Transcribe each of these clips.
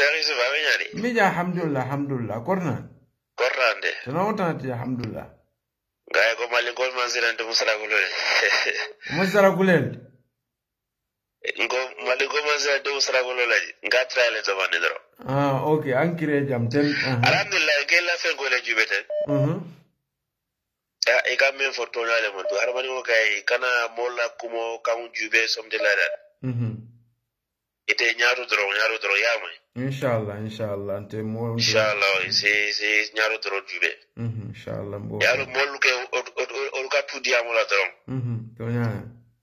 Ustaz Yusuf aminyani? Mija alhamdulillah alhamdulillah kornan. Kornande. Tana wotana ti alhamdulillah. Gaya ko mali ko manzira ndo musala kulele. musala kulele. Ngo mali ko manzira ndo musala kulele. Nga trial e to bande dro. Ah okay ankire e jam ten. Alhamdulillah ke la fe gole jubete. Mhm. Uh -huh. Ya ika e men fortuna le mon to harmani ko kay kana mola kumo kam jube somde la da. Mhm. Mm Ite nyaru dro nyaru dro yamai inchallah inchallah nte mo inchallah si si ñaaro doro jube inchallah mbo yaalo mollu ke olu ka tudiyamula doron to ñaa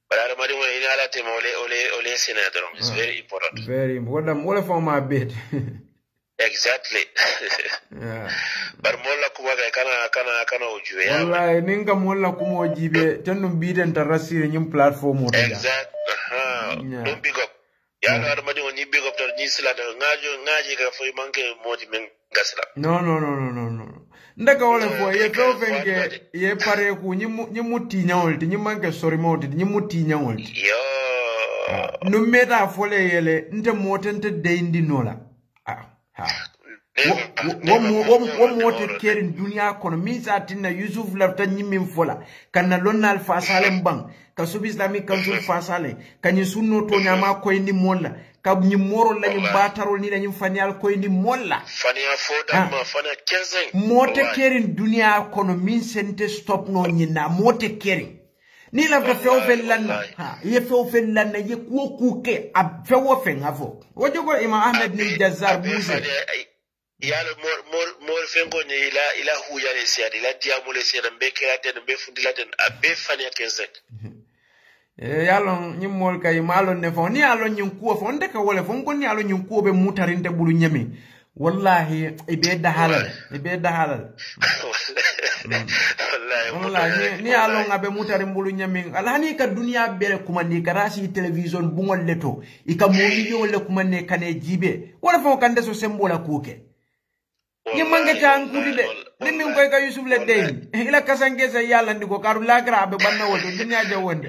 bara adamadiŋo ina ala tema ole ole ole sene doron is very important very wala wala fo ma bet exactly bari moolu la kuma kay kana kana kana o jube wallahi nin ka moolu la kumo jibe ten num biitenta rassire ñiŋ plateforme o exact uh -huh. yeah yaano aɗa mbaɗi on ñibbi ko tan ñisilade ŋaaji ŋaaji ka foye manque moodi men gasila non non non non non non ndaka wole eh, fo ye few fenke ye pare ku ñimmu tiñawol ti ñim manque sorimawol ti ñimmu tiñawol ti yo ah, num meta fole yele nte mooten te deyindinola wom wote kerin duniya kono min sa tinna yusuf lafta ñimmin fola kanna lonnal fasalen ban ka subi islamic council fasalen kañin sunno to toñama koyndi molla ka ñin moro la ñin batarol ni la fanyal faniyal koyndi molla mote kerin duniya kono min sente stop no ñinna mote kerin ni la ko fe fewo fen ha ye fe fen lanna ye kuwo kuke a fewo fen a fo wo jogo imam ahmed ni jazar buse yalo mor fengo ne ila ila huya le siya ila diamu le siya be kirate be fundilate be fania kenzek eh, yalon ñin mol kay malon ne fo ni alon ñin kuwo fo nde ka wole fo ko ni bulu wallahi wallahi ni mutari bulu ka duniya bere kuma ni ka television bungol to i ka le kuma jibe wala kande so ñimmange caankuuti de ni min koy ka yusuf le deyin ila kasanke sa yallandi ko karu lakira aɓe banna woto duniya je wonde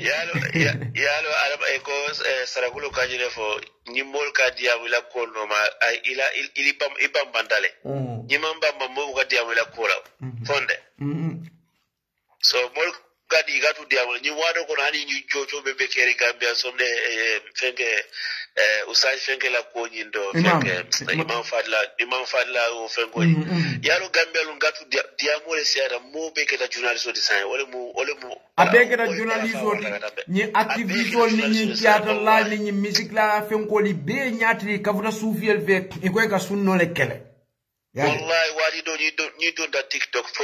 yaalo alama e ko saragulu kañine fo mol ka diyamu ila kolnoma ila i bambandale ñimman bamba momu ka diyamu ila kola fonde so mol kadi i ka tu diyamu ñim waɗo kono hani ñu jocoɓe ɓe keri gambia somne eh, eh, fenke Eh, usan fenkela koñin ɗo fenke eh, imam fadla imam fadla o fenkoñi mm, mm. yaro gambiyalu ngatu diyamore seeɗa mo ɓe keta journaliste odi san ole mo ole mo a ɓe keta journaliste odi ñin activiste ol ni ñin théâtre la ni ñin musique la fenkoli bee ñaatiri kafuta suufiyel fe e koye ka sunnole kele wallahi waɗi ɗo ñi donta tiktok fo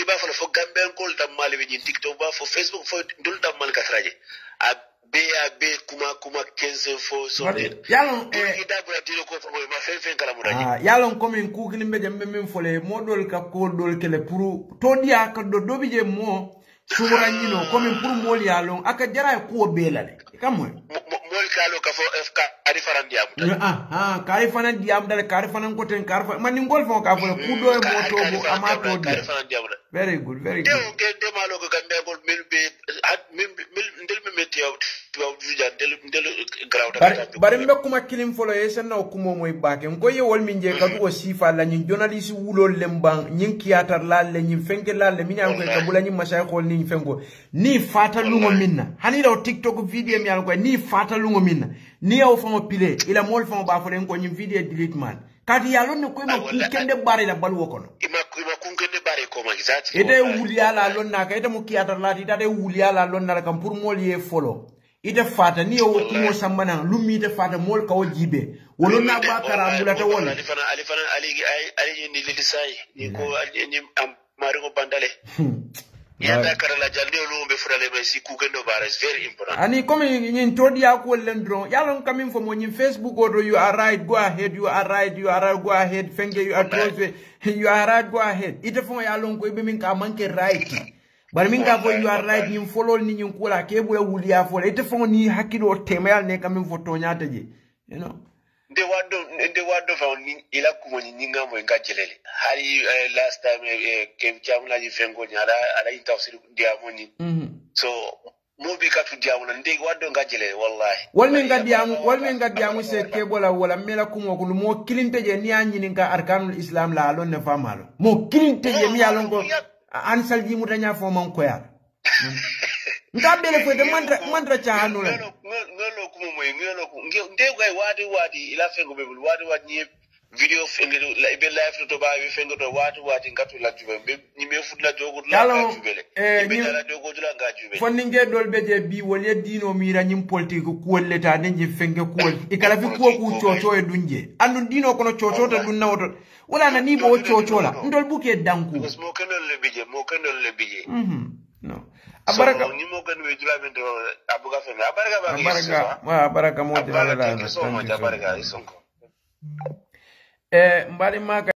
iɓa fala fo gambiyankol dammaale ɓe ñin tiktok ba fo facebook fo ndol dammal gasaraje a Bab y'a bɛ kuma kuma kɛnsɛn fɔ sɔrɔ yalɔn ɛɛ i da bɔra dilo ko fɔ o ma fɛn fɛn kalamu na ah, ye. yalɔn komi n ko kelen bɛ jɛ n bɛ min fɔ la ye ka ko dɔw kɛlɛ puru tɔndi ka dɔ dɔ je mɔɔ sugura ɲinɔ komi puru mɔɔli y'a lɔn a ka jara ye ko bɛɛ la dɛ i ka mɔ. mɔɔli k'a lɔn k'a fɔ ɛf ka kari fana di amu dali. ahan ah, kari fana di amu dali kari fana ko ten kari k'a fɔ ku dɔ ye mɔɔ tɔ di. very good very good. ja del del bari mbe kuma kilim folo ye sanna o kumo moy baake ngo ye wol min je kadu o mm. sifa la ñin journaliste wulol lem ban ñin kiyatar la le ñin fenke la le miñan ko kabula ñin mashay ko ni fengo ni fata lungo minna hani law tiktok video mi alko ni fata lungo minna ni yaw famo pile ila mol famo ba fole ko ñin video delete man kati yalon ne koyma ah, kende bare la balwo kono ima ima kunkende bare ko ma exact ite wuliyala lon naka ite mo kiyatar la ite wuliyala lon naka pour mol ye folo ite fata ni yo mo sambana lumi ite fata mol kawo jibe wolo na ba kara mulata wala ali fana ali fana ali ali ni lilisai ni ko ni amari ko bandale yanda hmm. kara la jalde lo be furale be si ku kendo bara is very important ani comme ni todi ya ko lendro yalon kamin fo mo ni facebook odo you are right go ahead you are right you are right go ahead fenge you are close you are right go ahead ite fo yalon ko be min ka manke right But min k'a you are right nin fɔlɔ ni nin ko la k'e bɛ wuli a fɔ la i tɛ fɛn ni hakili tɛmɛya ne ka min for Tonya, you know nde were done, they were done for ni ila kungo ni ni ŋa eh, last time eh, eh, kɛm caman na ji fɛn ko ni ala ala mm-hmm. so mo bi ka tu di a mɔ nde wa dɔ n ka jɛlɛ walahi walima n ka di a mɔ walima a mɔ se kɛ bɔ la wala n n'i y'a islam la a lɔn ne fa ma lɔn mɔgɔ an salji muta nya fo man koyar nta bele fo de mantra mantra cha anu la ngelo kuma moy ngelo ngi de wadi wadi ila fengo bebul wadi wadi video fengero la ibe live to ba be fengero watu wati ngatu la jube ni me futla jogo la Yalo, eh, ibe la jogo la ga jube fonni nge dol be je bi wol ye dino mira nyim politique ko leta ne nyi fenge ko e kala fi ko ku chocho e dunje andu dino kono chocho ta dunna woto wala na ni bo chocho la ndol buke danku mo kenol le bije mo kenol le bije mhm no abaraka ni mo kan we jula min abuga fenge abaraka ba abaraka wa abaraka mo de la abaraka isonko é, mbali Maga.